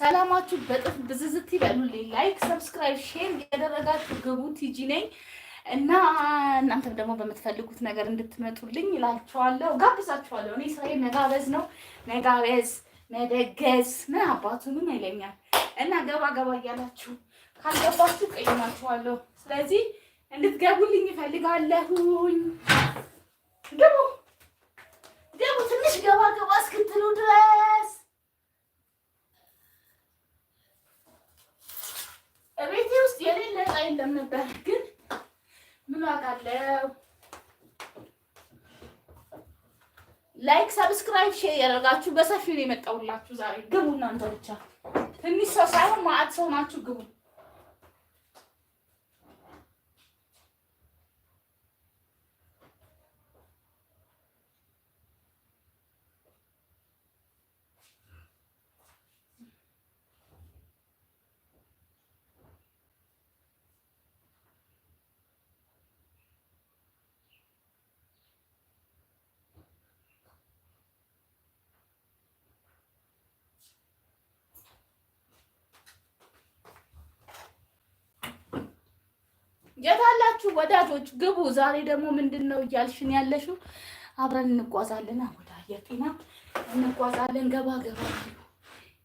ሰላማችሁ በጥፍ ብዝዝት ይበሉልኝ። ላይክ፣ ሰብስክራይብ፣ ሼር እያደረጋችሁ ግቡ። ቲጂ ነኝ እና እናንተም ደግሞ በምትፈልጉት ነገር እንድትመጡልኝ እላችኋለሁ፣ ጋብዛችኋለሁ። እኔ ስራዬ መጋበዝ ነው። መጋበዝ መደገዝ ምን አባቱንም አይለኛል። እና ገባ ገባ እያላችሁ ካልገባችሁ ቀይማችኋለሁ። ስለዚህ እንድትገቡልኝ እፈልጋለሁኝ። ግቡ ግቡ፣ ትንሽ ገባ ገባ አይደለም ነበር፣ ግን ምን ዋጋ አለው? ላይክ፣ ሰብስክራይብ፣ ሼር ያደርጋችሁ በሰፊው ነው የመጣሁላችሁ ዛሬ። ግቡ እናንተ ብቻ ትንሽ ሰው ሳይሆን ማዕት ሰው ናችሁ፣ ግቡ። የታላችሁ ወዳጆች ግቡ። ዛሬ ደግሞ ምንድን ነው እያልሽን ያለሽው? አብረን እንጓዛለን፣ ወደ የጤና ጤና እንጓዛለን። ገባ ገባ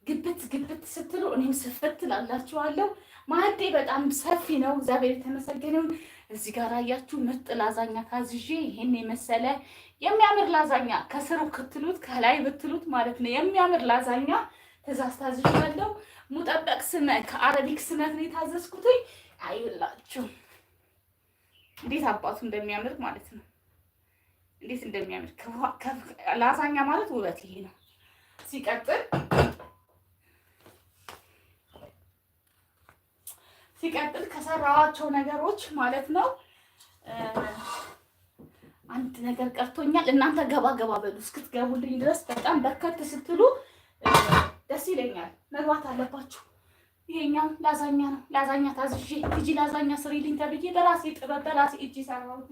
ግብት ግብት ስትሉ እኔም ስፍት ላላችኋለሁ። ማዕዴ በጣም ሰፊ ነው። እግዚአብሔር የተመሰገነውን እዚህ ጋር አያችሁ፣ ምርጥ ላዛኛ ታዝዤ ይሄን የመሰለ የሚያምር ላዛኛ ከስሩ ክትሉት ከላይ ብትሉት ማለት ነው የሚያምር ላዛኛ ትእዛዝ ያለው ሙጠበቅ ስመ ከአረቢክ ስመት ነው የታዘዝኩትኝ አይላችሁም እንዴት አባቱ እንደሚያምር ማለት ነው። እንዴት እንደሚያምር ላሳኛ ማለት ውበት ይሄ ነው። ሲቀጥል ሲቀጥል ከሰራኋቸው ነገሮች ማለት ነው አንድ ነገር ቀርቶኛል። እናንተ ገባ ገባ በሉ እስክትገቡልኝ ድረስ በጣም በርከት ስትሉ ደስ ይለኛል። መግባት አለባችሁ። ይሄኛው ላዛኛ ነው። ላዛኛ ታዝዤ እጅ ላዛኛ ስሪልኝ ተብዬ በራሴ ጥበብ በራሴ እጅ ሰራሁት።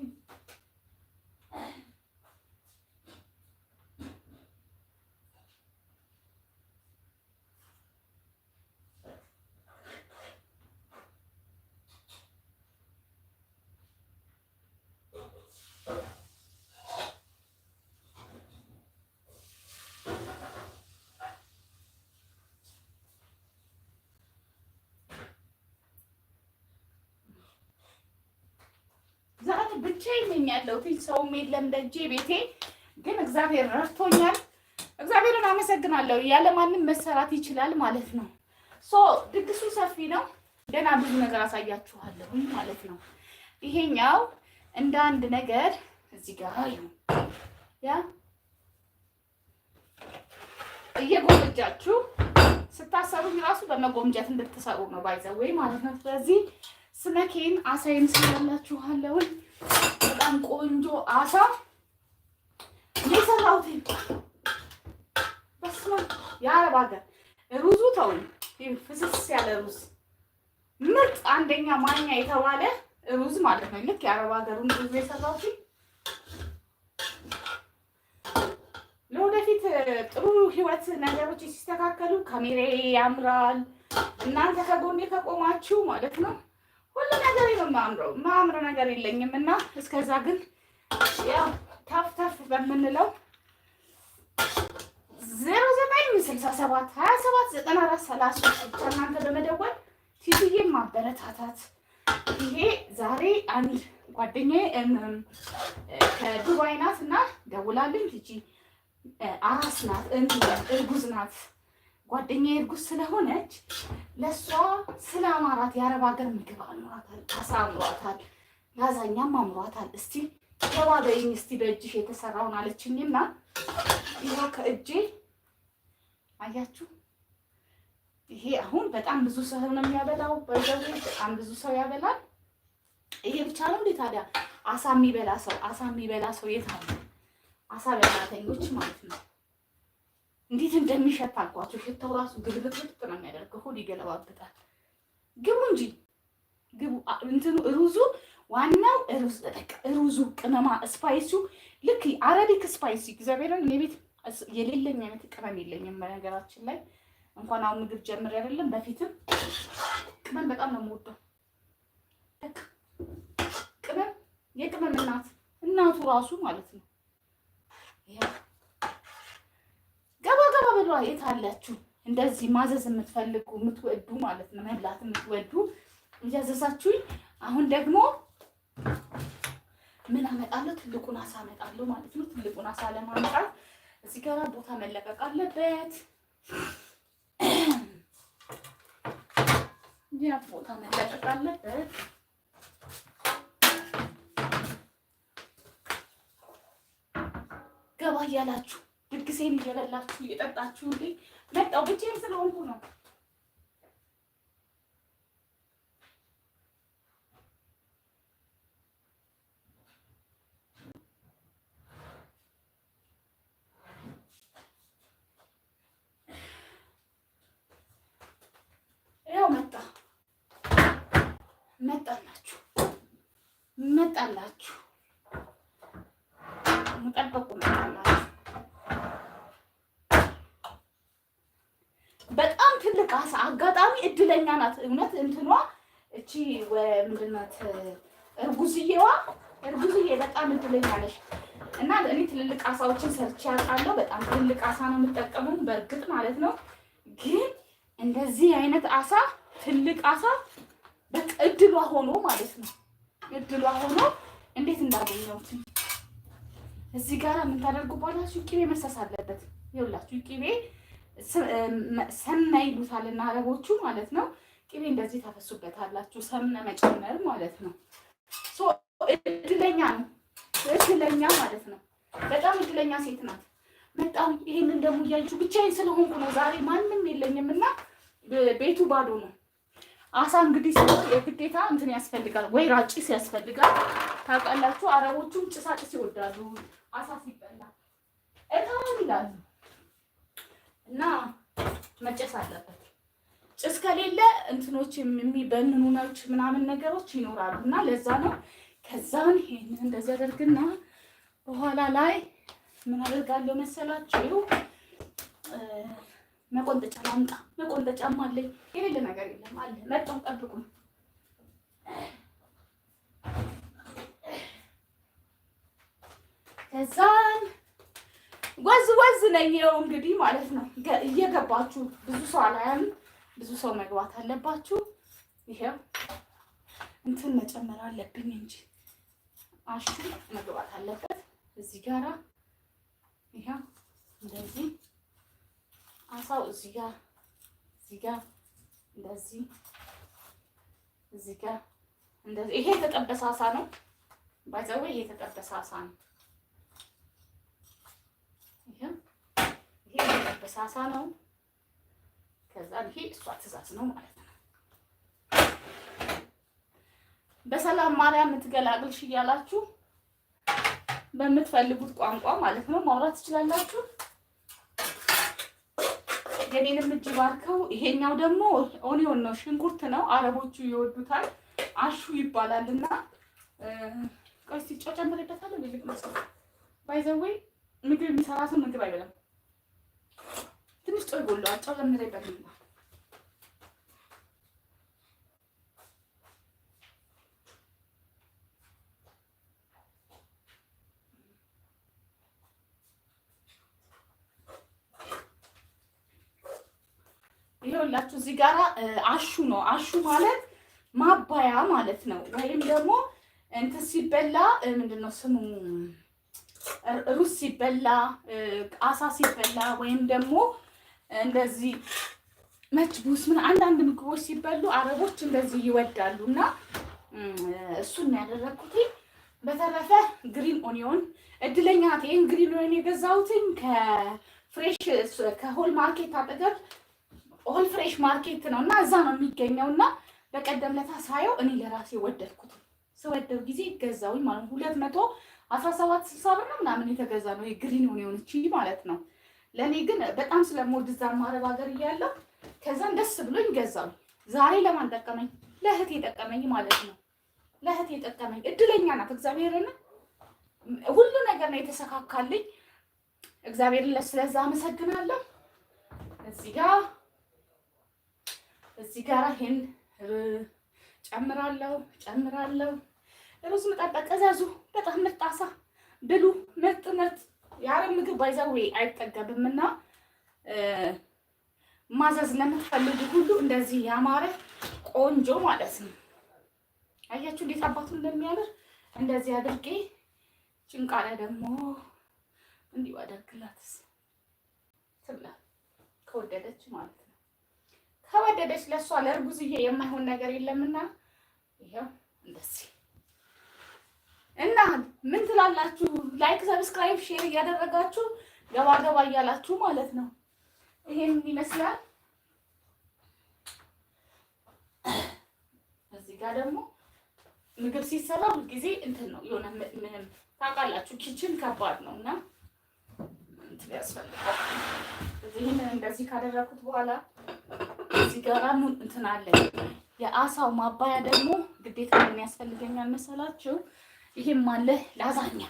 ብቻዬን ነኝ ያለሁትኝ። ሰውም የለም ደጄ ቤቴ። ግን እግዚአብሔር ረድቶኛል። እግዚአብሔርን አመሰግናለሁ። ያለ ማንም መሰራት ይችላል ማለት ነው። ሶ ድግሱ ሰፊ ነው። ገና ብዙ ነገር አሳያችኋለሁ ማለት ነው። ይሄኛው እንደ አንድ ነገር እዚህ ጋር ያ እየጎመጃችሁ ስታሰሩ ራሱ በመጎምጀት እንድትሰሩ ነው ወይ ማለት ነው። ስለዚህ ስነኬን አሳ ስላላችኋለውን በጣም ቆንጆ አሳ የሰራሁት በስመ አብ የአረብ ሀገር ሩዙ ተውን ፍስስ ያለ ሩዝ ምርጥ አንደኛ ማኛ የተባለ ሩዝ ማለት ነው። ልክ የአረብ ሀገሩን ሩዝ የሰራሁት ለወደፊት ጥሩ ህይወት ነገሮች ሲስተካከሉ ካሜራ ያምራል። እናንተ ከጎኔ ከቆማችሁ ማለት ነው ሁሉ ነገር የማምረው ማምረው ነገር የለኝም እና እስከዛ ግን ያው ተፍ ተፍ በምንለው ዜሮ ዘጠኝ ስልሳ ሰባት ሀያ ሰባት ዘጠና አራት ሰላሳ እናንተ በመደወል ቲትዬ ማበረታታት። ይሄ ዛሬ አንድ ጓደኛዬ ከዱባይ ናት እና ደውላልኝ ቲጂ አራስ ናት እርጉዝ ናት ጓደኛ እርጉዝ ስለሆነች ለእሷ ስለ አማራት የአረብ ሀገር ምግብ አምሯታል፣ አሳ አምሯታል፣ ላዛኛም አምሯታል። እስቲ ተባበይኝ እስቲ በእጅሽ የተሰራውን አለችኝና ይኸው ከእጄ አያችሁ። ይሄ አሁን በጣም ብዙ ሰው ነው የሚያበላው። በዘዌ በጣም ብዙ ሰው ያበላል። ይሄ ብቻ ነው እንዴ ታዲያ? አሳ የሚበላ ሰው አሳ የሚበላ ሰው የት አለ? አሳ በላተኞች ማለት ነው። እንዴት እንደሚሸት አልኳቸው። ሽታው ራሱ ግልብጥብጥ ነው የሚያደርገው፣ ሆድ ይገለባብጣል። ግቡ እንጂ ግቡ። እንትኑ ሩዙ ዋናው ሩዝ ሩዙ፣ ቅመማ ስፓይሱ፣ ልክ አረቢክ ስፓይሲ። እግዚአብሔርን እኔ ቤት የሌለኝ አይነት ቅመም የለኝም። በነገራችን ላይ እንኳን አሁን ምግብ ጀምር አይደለም በፊትም ቅመም በጣም ነው የምወደው። ቅመም የቅመም እናት እናቱ ራሱ ማለት ነው። በሏ የት አላችሁ? እንደዚህ ማዘዝ የምትፈልጉ የምትወዱ ማለት ነው መብላት የምትወዱ እያዘዛችሁኝ። አሁን ደግሞ ምን አመጣለሁ? ትልቁን አሳ አመጣለሁ ማለት ነው። ትልቁን አሳ ለማምጣት እዚህ ጋር ቦታ መለቀቅ አለበት። ያ ቦታ መለቀቅ አለበት። ገባ እያላችሁ ድግሴን እየበላችሁ እየጠጣችሁ እንዴ መጣው ብቻዬን ስለሆንኩ ነው። መጣላችሁ መጣላችሁ መጠበቁ መጣላችሁ ትልቅ አጋጣሚ እድለኛ ናት። እውነት እንትኗ እቺ ምንድን ናት? እርጉዝዬዋ እርጉዝዬ በጣም እድለኛ ነሽ። እና እኔ ትልልቅ አሳዎችን ሰርቼ አውቃለሁ። በጣም ትልቅ አሳ ነው የምጠቀመው፣ በእርግጥ ማለት ነው። ግን እንደዚህ አይነት አሳ ትልቅ አሳ በቃ እድሏ ሆኖ ማለት ነው። እድሏ ሆኖ እንዴት እንዳገኘሁት እዚህ ጋር ምን ታደርጉባላችሁ? መሰስ አለበት። ይኸውላችሁ ሰማይ ይሉታልና አረቦቹ ማለት ነው። ቅቤ እንደዚህ ታፈሱበታላችሁ። ሰምነ መጨመር ማለት ነው። እድለኛ ነው፣ እድለኛ ማለት ነው። በጣም እድለኛ ሴት ናት። በጣም ይሄንን ደግሞ እያችሁ ብቻዬን ስለሆንኩ ነው ዛሬ ማንም የለኝም እና ቤቱ ባዶ ነው። አሳ እንግዲህ ስለ የግዴታ እንትን ያስፈልጋል፣ ወይራ ጭስ ያስፈልጋል። ታውቃላችሁ አረቦቹም ጭሳጭስ ይወዳሉ። አሳ ሲበላ እታውን ይላሉ እና መጨስ አለበት። ጭስ ከሌለ እንትኖች ነች ምናምን ነገሮች ይኖራሉ እና ለዛ ነው። ከዛን ይሄንን እንደዚህ አደርግና በኋላ ላይ ምን አደርጋለሁ መሰላችሁ? መቆንጠጫ ላምጣ። መቆንጠጫም አለኝ። የሌለ ነገር የለም አለ። መጣሁ፣ ጠብቁኝ። ከዛን ወዝ ወዝ ነኝ። ይኸው እንግዲህ ማለት ነው እየገባችሁ ብዙ ሰው አላያም፣ ብዙ ሰው መግባት አለባችሁ። ይሄው እንትን መጨመር አለብኝ እንጂ አሹ መግባት አለበት እዚህ ጋራ። ይሄው እንደዚህ አሳው እዚህ ጋር እዚህ ጋር እንደዚህ እዚህ ጋር እንደዚህ። ይሄ የተጠበሰ አሳ ነው ባይዘው፣ ይሄ የተጠበሰ አሳ ነው። ይሄ በሳሳ ነው። ከዛ ይሄ እሷ ትእዛዝ ነው ማለት ነው። በሰላም ማርያም የምትገላግልሽ እያላችሁ በምትፈልጉት ቋንቋ ማለት ነው ማውራት ትችላላችሁ። የኔንም እጅ ባርከው። ይሄኛው ደግሞ ኦኒዮን ነው፣ ሽንኩርት ነው። አረቦቹ ይወዱታል። አሹ ይባላልና ቆይ ሲጮ ጨምሬበታለሁ። ልልቅ መስሎ ባይዘዌይ ምግብ የሚሰራ ሰው ምግብ አይበላም። ትንሽ ጨው ይጎላዋል። ጨው ለምሬበት ነው። ይኸውላችሁ እዚህ ጋር አሹ ነው። አሹ ማለት ማባያ ማለት ነው። ወይም ደግሞ እንትን ሲበላ ምንድን ነው ስሙ ሩዝ ሲበላ፣ አሳ ሲበላ ወይም ደግሞ እንደዚህ መችቡስ ምን አንዳንድ ምግቦች ሲበሉ አረቦች እንደዚህ ይወዳሉ እና እሱን ያደረግኩት። በተረፈ ግሪን ኦኒዮን እድለኛ ይህን ግሪን ኦኒዮን የገዛሁትኝ ከፍሬሽ ከሆል ማርኬት አጠገብ ሆል ፍሬሽ ማርኬት ነው እና እዛ ነው የሚገኘው እና በቀደም ለታ ሳየው እኔ ለራሴ ወደድኩት። ስወደው ጊዜ ገዛውኝ ማለት ሁለት መቶ አስራ ሰባት ስልሳ ብር ነው ምናምን የተገዛ ነው የግሪን ኦኒዮን እቺ ማለት ነው። ለእኔ ግን በጣም ስለምወድ እዛ ማረብ ሀገር እያለሁ ከዛም ደስ ብሎኝ ገዛው። ዛሬ ለማን ጠቀመኝ? ለእህት የጠቀመኝ ማለት ነው። ለእህቴ የጠቀመኝ እድለኛ ናት። እግዚአብሔርን ሁሉ ነገር ነው የተሰካካልኝ። እግዚአብሔርን ስለዛ አመሰግናለሁ። እዚህ ጋ እዚህ ጋር ይሄን ጨምራለሁ ጨምራለሁ። ሩዝ ምጣጣ ቀዘዙ። በጣም ምርጥ ብሉ። ምርጥ ምርጥ የአረብ ምግብ ባይዛዌ አይጠገብም እና ማዘዝ ለምትፈልጉ ሁሉ እንደዚህ ያማረ ቆንጆ ማለት ነው። አያችሁ እንዴት አባቱ እንደሚያምር እንደዚህ አድርጌ ጭንቃለ ደግሞ እንዲሁ አደርግላትስ ትብላ ከወደደች ማለት ነው። ከወደደች ለእሷ ለእርጉዝዬ የማይሆን ነገር የለምና ይኸው እንደዚህ እና ምን ትላላችሁ? ላይክ፣ ሰብስክራይብ፣ ሼር እያደረጋችሁ ገባ ገባ እያላችሁ ማለት ነው። ይሄን ይመስላል። እዚህ ጋር ደግሞ ምግብ ሲሰራ ሁልጊዜ እንትን ነው የሆነ ምንም ታውቃላችሁ፣ ኪችን ከባድ ነው እና እንትን ያስፈልጋል። እዚህን እንደዚህ ካደረኩት በኋላ እዚህ ጋር እንትን አለ። የአሳው ማባያ ደግሞ ግዴታ ያስፈልገኛል መሰላችሁ ይሄም አለ ላዛኛ።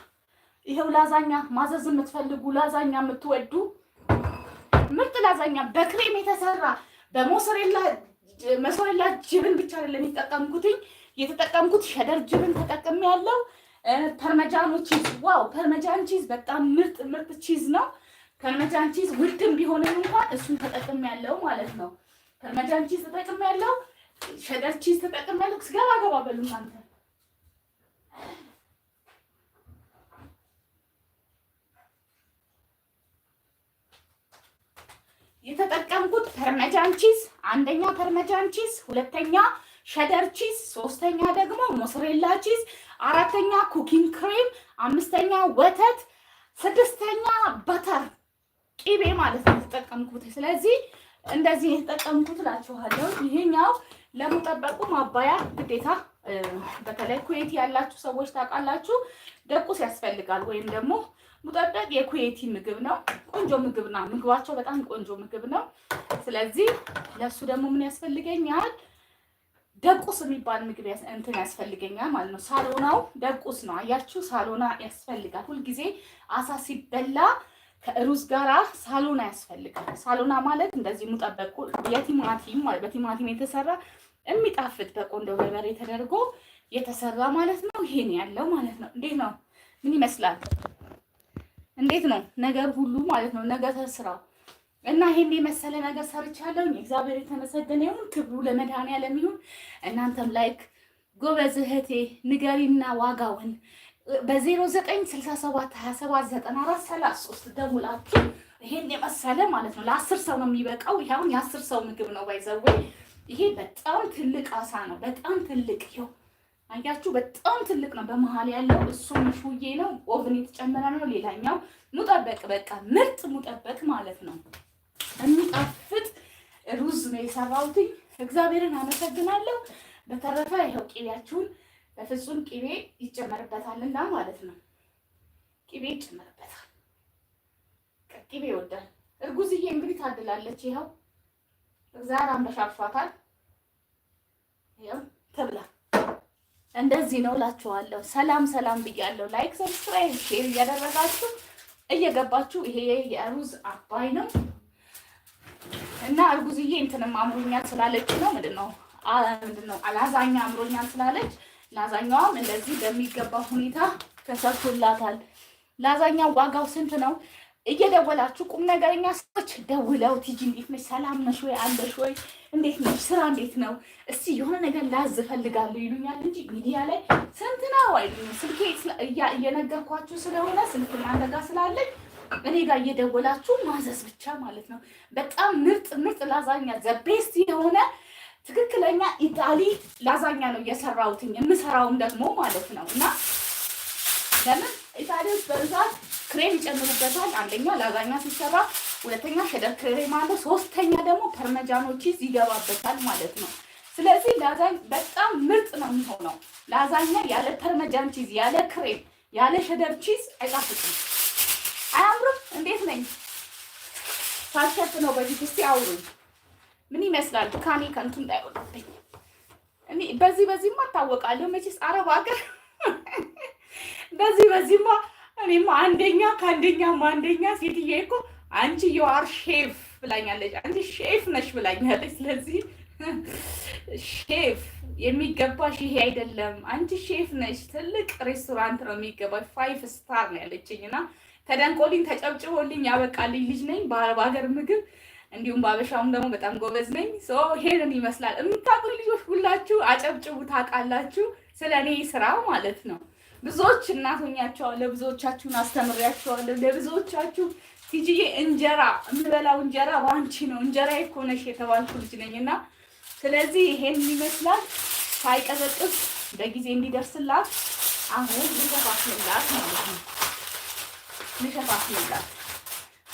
ይሄው ላዛኛ ማዘዝ የምትፈልጉ ላዛኛ የምትወዱ ምርጥ ላዛኛ በክሬም የተሰራ በሞሰሬላ መሶሬላ ጅብን ብቻ አይደለም የተጠቀምኩትኝ የተጠቀምኩት ሸደር ጅብን ተጠቅሜ ያለው ፐርመጃኖ ቺዝ ዋው! ፐርመጃን ቺዝ በጣም ምርጥ ምርጥ ቺዝ ነው። ፐርመጃን ቺዝ ውድም ቢሆንም እንኳን እሱን ተጠቅም ያለው ማለት ነው። ፐርመጃን ቺዝ ተጠቅም ያለው ሸደር ቺዝ ተጠቅም ያለው ስገባ ገባ በሉ እናንተ የተጠቀምኩት ፐርመጃን ቺዝ፣ አንደኛ ፐርመጃን ቺዝ፣ ሁለተኛ ሸደር ቺዝ፣ ሶስተኛ ደግሞ ሞስሬላ ቺዝ፣ አራተኛ ኩኪንግ ክሬም፣ አምስተኛ ወተት፣ ስድስተኛ በተር ቂቤ ማለት ነው የተጠቀምኩት። ስለዚህ እንደዚህ የተጠቀምኩት እላችኋለሁ። ይሄኛው ለሙጠበቁ ማባያ ግዴታ በተለይ ኩዌት ያላችሁ ሰዎች ታውቃላችሁ፣ ደቁስ ያስፈልጋል ወይም ደግሞ ሙጠበቅ የኩዌቲ ምግብ ነው። ቆንጆ ምግብ ነው። ምግባቸው በጣም ቆንጆ ምግብ ነው። ስለዚህ ለእሱ ደግሞ ምን ያስፈልገኛል? ደቁስ የሚባል ምግብ እንትን ያስፈልገኛል ማለት ነው። ሳሎናው ደቁስ ነው። አያችሁ፣ ሳሎና ያስፈልጋል። ሁልጊዜ አሳ ሲበላ ከሩዝ ጋራ ሳሎና ያስፈልጋል። ሳሎና ማለት እንደዚህ ሙጠበቅ የቲማቲም ማለት በቲማቲም የተሰራ የሚጣፍጥ በቆንጆ በርበሬ ተደርጎ የተሰራ ማለት ነው። ይሄን ያለው ማለት ነው። እንዴት ነው? ምን ይመስላል? እንዴት ነው ነገር ሁሉ ማለት ነው ነገ ስራው እና ይሄን የመሰለ ነገር ሰርቻለሁኝ። እግዚአብሔር የተመሰገነ ይሁን፣ ክብሩ ለመድኃኒዓለም ይሁን። እናንተም ላይክ ጎበዝ እህቴ ንገሪና ዋጋውን በ0967279433 ደውላችሁ ይሄን የመሰለ ማለት ነው ለአስር ሰው ነው የሚበቃው። ይኸውን የአስር ሰው ምግብ ነው ባይዘው። ይሄ በጣም ትልቅ አሳ ነው። በጣም ትልቅ ይኸው አያችሁ፣ በጣም ትልቅ ነው። በመሀል ያለው እሱም ሹዬ ነው። ኦቭን የተጨመረ ነው። ሌላኛው ሙጠበቅ፣ በቃ ምርጥ ሙጠበቅ ማለት ነው። የሚጣፍጥ ሩዝ ነው የሰራሁትኝ። እግዚአብሔርን አመሰግናለሁ። በተረፈ ይኸው ቂቤያችሁን በፍጹም ይጨመርበታል ይጨመርበታልና ማለት ነው። ቂቤ ይጨመርበታል። ቂቤ ይወዳል። እርጉዝዬ እንግዲህ ታድላለች። ይኸው እግዚአብሔር አምበሻብሿታል። ይኸው ተብላ እንደዚህ ነው እላችኋለሁ። ሰላም ሰላም ብያለሁ። ላይክ፣ ሰብስክራይብ፣ ሼር እያደረጋችሁ እየገባችሁ ይሄ የሩዝ አባይ ነው እና እርጉዝዬ እንትንም አምሮኛል ስላለች ነው ምንድን ነው ምንድን ነው ላዛኛ አምሮኛል ስላለች ላዛኛዋም እንደዚህ በሚገባ ሁኔታ ተሰርቶላታል። ላዛኛው ዋጋው ስንት ነው? እየደወላችሁ ቁም ነገረኛ ሰዎች ደውለው ቲጂ እንዴት ነሽ? ሰላም ነሽ ወይ? አለሽ ወይ? እንዴት ነሽ? ስራ እንዴት ነው? እስቲ የሆነ ነገር ላዝ እፈልጋለሁ ይሉኛል እንጂ ሚዲያ ላይ ስንት ነው አይሉኝ። ስልኬ እየነገርኳችሁ ስለሆነ ስልክ ማንደጋ ስላለኝ እኔ ጋር እየደወላችሁ ማዘዝ ብቻ ማለት ነው። በጣም ምርጥ ምርጥ ላዛኛ ዘቤስት የሆነ ትክክለኛ ኢጣሊ ላዛኛ ነው እየሰራሁትኝ የምሰራውም ደግሞ ማለት ነው እና ለምን ኢጣሊ ውስጥ በብዛት ክሬም ይጨምሩበታል። አንደኛ ላዛኛ ሲሰራ፣ ሁለተኛ ሸደር ክሬም አለ፣ ሶስተኛ ደግሞ ፐርመጃኖች ይገባበታል ማለት ነው። ስለዚህ ላዛኝ በጣም ምርጥ ነው የሚሆነው። ላዛኛ ያለ ፐርመጃን ቺዝ፣ ያለ ክሬም፣ ያለ ሸደር ቺዝ አይጣፍጥም፣ አያምርም። እንዴት ነኝ ሳልሸጥ ነው በዚህ እስቲ አውሩኝ። ምን ይመስላል? ካኔ ከንቱ እንዳይወጣብኝ እኔ በዚህ በዚህማ እታወቃለሁ መቼስ አረብ ሀገር በዚህ በዚህማ እኔም አንደኛ ከአንደኛ አንደኛ ሴትዬ እኮ አንቺ የዋር ሼፍ ብላኛለች። አንቺ ሼፍ ነሽ ብላኛለች። ስለዚህ ሼፍ የሚገባሽ ይሄ አይደለም፣ አንቺ ሼፍ ነሽ፣ ትልቅ ሬስቶራንት ነው የሚገባሽ፣ ፋይፍ ስታር ነው ያለችኝ እና ተደንቆልኝ ተጨብጭቦልኝ ያበቃልኝ ልጅ ነኝ በሀገር ምግብ እንዲሁም በአበሻውም ደግሞ በጣም ጎበዝ ነኝ። ይሄንን ይመስላል። የምታውቁኝ ልጆች ሁላችሁ አጨብጭቡ፣ ታውቃላችሁ ስለ እኔ ስራ ማለት ነው። ብዙዎች እናቶኛቸዋለሁ፣ ብዙዎቻችሁን አስተምሬያቸዋለሁ። ለብዙዎቻችሁ ቲጂዬ እንጀራ የምበላው እንጀራ ዋንቺ ነው እንጀራ የኮነሽ የተባልኩ ልጅ ነኝ እና ስለዚህ ይሄን ይመስላል። ሳይቀዘቅዝ በጊዜ እንዲደርስላት አሁን ልሸፋፍንላት ማለት ነው። ልሸፋፍንላት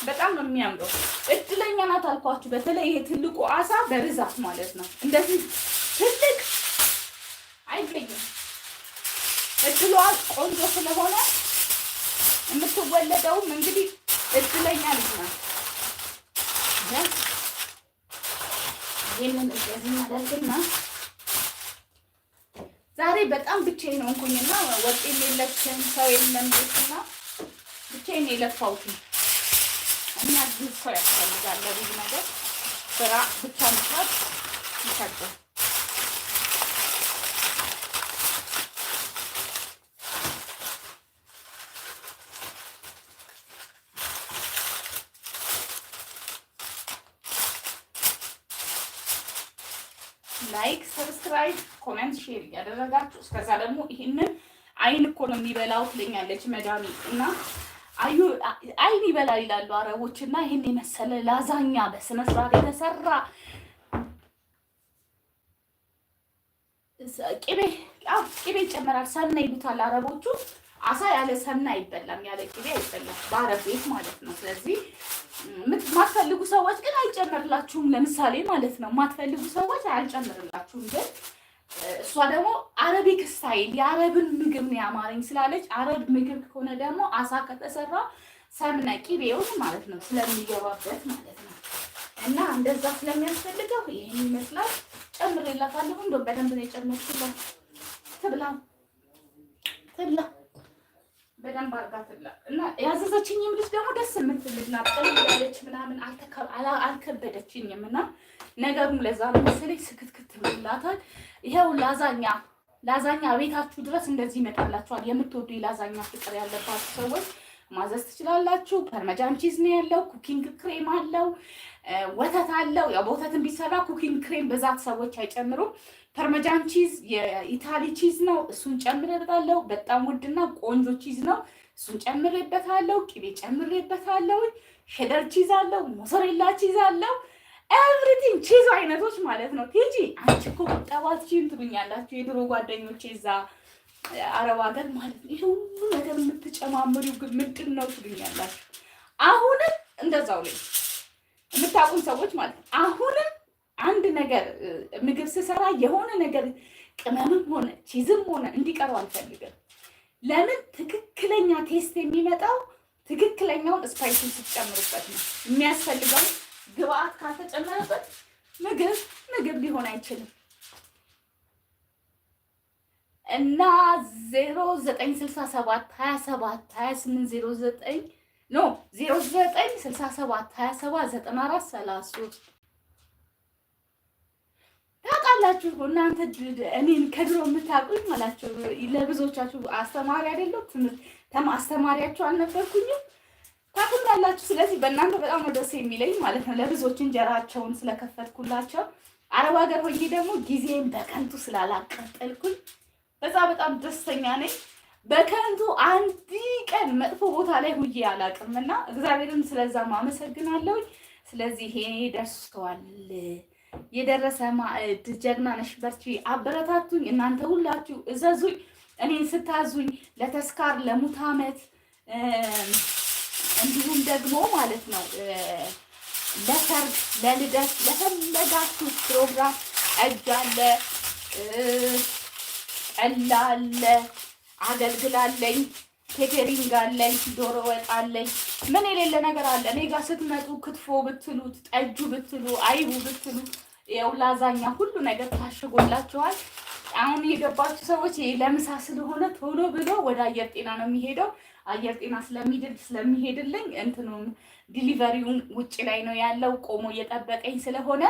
በጣም ነው የሚያምረው። እድለኛ ናት አልኳችሁ። በተለይ ይሄ ትልቁ አሳ በብዛት ማለት ነው እንደዚህ ትልቅ እድሏ ቆንጆ ስለሆነ የምትወለደውም እንግዲህ እድለኛ ልጅ ናት። ይህንን እዚህ እናደርግና ዛሬ በጣም ብቻዬን ሆንኩኝና ወጥ የሌለችን ሰው የለም ቤትና ብቻዬን የለፋሁት እና ብዙ ሰው ያስፈልጋል። ብዙ ነገር ስራ ብቻ መስራት ይቻላል። ላይክ፣ ሰብስክራይብ፣ ኮሜንት፣ ሼር እያደረጋችሁ እስከዛ ደግሞ ይህንን አይን እኮ ነው የሚበላው ትለኛለች መዳሚ እና አዩ አይን ይበላል ይላሉ አረቦች እና ይህን የመሰለ ላዛኛ በስነ ስርዓት የተሰራ ቅቤ ቅቤ ይጨመራል ሳና ይሉታል አረቦቹ። አሳ ያለ ሰና አይበላም፣ ያለ ቅቤ አይበላም በአረብ ቤት ማለት ነው። ስለዚህ ማትፈልጉ ሰዎች ግን አልጨምርላችሁም። ለምሳሌ ማለት ነው ማትፈልጉ ሰዎች አልጨምርላችሁም። ግን እሷ ደግሞ አረቢክ ስታይል የአረብን ምግብ ነው ያማረኝ ስላለች አረብ ምግብ ከሆነ ደግሞ አሳ ከተሰራ ሰምና ቅቤውን ማለት ነው ስለሚገባበት ማለት ነው እና እንደዛ ስለሚያስፈልገው ይህን ይመስላል። ጨምሬላታለሁ። እንደው በደንብ ነው የጨመርኩላት። ትብላ ትብላ በደንብ አድርጋ ትብላ እና ያዘዘችኝም ልጅ ደግሞ ደስ የምትልጅ ናት። ያለች ምናምን አልከበደችኝም። እና ነገሩም ለዛ ነው መሰለኝ ስክትክት ብላታል። ይኸው ላዛኛ ላዛኛ ቤታችሁ ድረስ እንደዚህ ይመጣላችኋል። የምትወዱ የላዛኛ ፍቅር ያለባችሁ ሰዎች ማዘዝ ትችላላችሁ። ፐርመጃን ቺዝ ነው ያለው፣ ኩኪንግ ክሬም አለው፣ ወተት አለው። ያው በወተት ቢሰራ ኩኪንግ ክሬም በዛት ሰዎች አይጨምሩም። ፐርመጃን ቺዝ የኢታሊ ቺዝ ነው። እሱን ጨምሬበታለሁ። በጣም ውድና ቆንጆ ቺዝ ነው። እሱን ጨምሬበታለሁ። ቅቤ ጨምሬበታለሁ። ሄደር ቺዝ አለው። ሞሰሬላ ቺዝ አለው። ኤቭሪቲንግ ቺዝ አይነቶች ማለት ነው። ቲጂ አንቺ እኮ ቁጠባት ቺን ትሉኛላችሁ የድሮ ጓደኞች እዛ አረብ ሀገር ማለት ነው። ይሄ ሁሉ ነገር የምትጨማምሪው ግን ምንድን ነው ትሉኛላችሁ። አሁንም እንደዛው ላይ የምታውቁን ሰዎች ማለት ነው አሁን አንድ ነገር ምግብ ስሰራ የሆነ ነገር ቅመምም ሆነ ቺዝም ሆነ እንዲቀረው አልፈልግም። ለምን? ትክክለኛ ቴስት የሚመጣው ትክክለኛውን ስፓይሱን ስትጨምሩበት ነው። የሚያስፈልገው ግብአት ካልተጨመረበት ምግብ ምግብ ሊሆን አይችልም። እና 0967 27 28 09 ኖ 0967 27 94 33 ያውቃላችሁ እናንተ እኔን ከድሮ የምታውቁኝ ማላችሁ ለብዙዎቻችሁ አስተማሪ አይደለሁ፣ ትምህርት አስተማሪያችሁ አልነበርኩኝም ታውቁኛላችሁ። ስለዚህ በእናንተ በጣም ነው ደስ የሚለኝ ማለት ነው፣ ለብዙዎች እንጀራቸውን ስለከፈትኩላቸው። አረብ ሀገር ሆኜ ደግሞ ጊዜን በከንቱ ስላላቀጠልኩኝ በዛ በጣም ደስተኛ ነኝ። በከንቱ አንድ ቀን መጥፎ ቦታ ላይ ሁዬ አላውቅም እና እግዚአብሔርም ስለዛ ማመሰግናለሁኝ። ስለዚህ ይሄ ደርሰዋል። የደረሰ ማዕድ ጀግና ነሽ፣ በርቺ፣ አበረታቱኝ። እናንተ ሁላችሁ እዘዙኝ። እኔን ስታዙኝ ለተስካር ለሙት ዓመት እንዲሁም ደግሞ ማለት ነው ለሰርግ፣ ለልደት፣ ለፈለጋችሁ ፕሮግራም እጅ አለ፣ ጠላ አለ፣ አገልግላለኝ፣ ኬተሪንግ አለኝ፣ ዶሮ ወጥ አለኝ። ምን የሌለ ነገር አለ እኔ ጋር ስትመጡ ክትፎ ብትሉት፣ ጠጁ ብትሉ፣ አይቡ ብትሉ ያው ላዛኛ ሁሉ ነገር ታሽጎላችኋል። አሁን የገባችሁ ሰዎች ለምሳ ስለሆነ ቶሎ ብሎ ወደ አየር ጤና ነው የሚሄደው። አየር ጤና ስለሚድል ስለሚሄድልኝ እንትኑም ዲሊቨሪውን ውጭ ላይ ነው ያለው ቆሞ እየጠበቀኝ ስለሆነ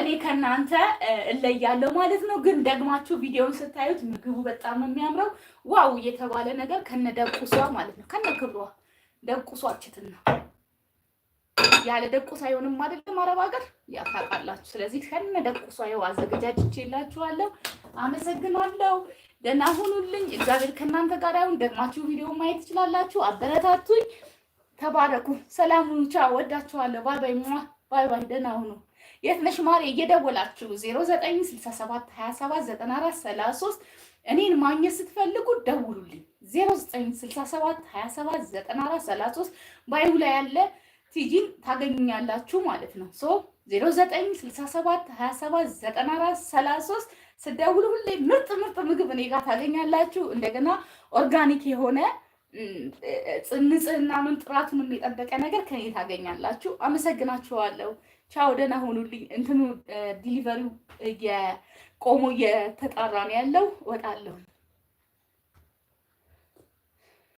እኔ ከእናንተ እለያለሁ ማለት ነው። ግን ደግማችሁ ቪዲዮውን ስታዩት ምግቡ በጣም ነው የሚያምረው። ዋው እየተባለ ነገር ከነ ደቁሷ ማለት ነው ከነ ክብሯ ደቁሷችትን ነው ያለ ደቁስ አይሆንም አይደለም አረብ ሀገር ያታውቃላችሁ። ስለዚህ ከነ ደቁስ አይው አዘገጃጅቼ አመሰግናለሁ። ደህና ሁኑልኝ። እግዚአብሔር ከእናንተ ጋር ይሁን። ደግማችሁ ቪዲዮ ማየት ትችላላችሁ። አበረታቱኝ። ተባረኩ። ሰላም ሁኑ። ቻው። ወዳችኋለሁ። ባይ ባይ። ሙዋ ባይ ባይ። ደህና ሁኑ። የት ነሽ ማሪ? እየደወላችሁ 0967 እኔን ማግኘት ስትፈልጉ ደውሉልኝ 0967 27 ላይ ያለ ቲጂን ታገኙኛላችሁ ማለት ነው። ሶ 0967279433 ስደውሉ ሁሌ ምርጥ ምርጥ ምግብ እኔ ጋር ታገኛላችሁ። እንደገና ኦርጋኒክ የሆነ ንጽህናውን ጥራቱን የጠበቀ ነገር ከኔ ታገኛላችሁ። አመሰግናችኋለሁ። ቻው፣ ደህና ሆኑልኝ። እንትኑ ዲሊቨሪው የቆሞ እየተጣራ ነው ያለው። እወጣለሁ።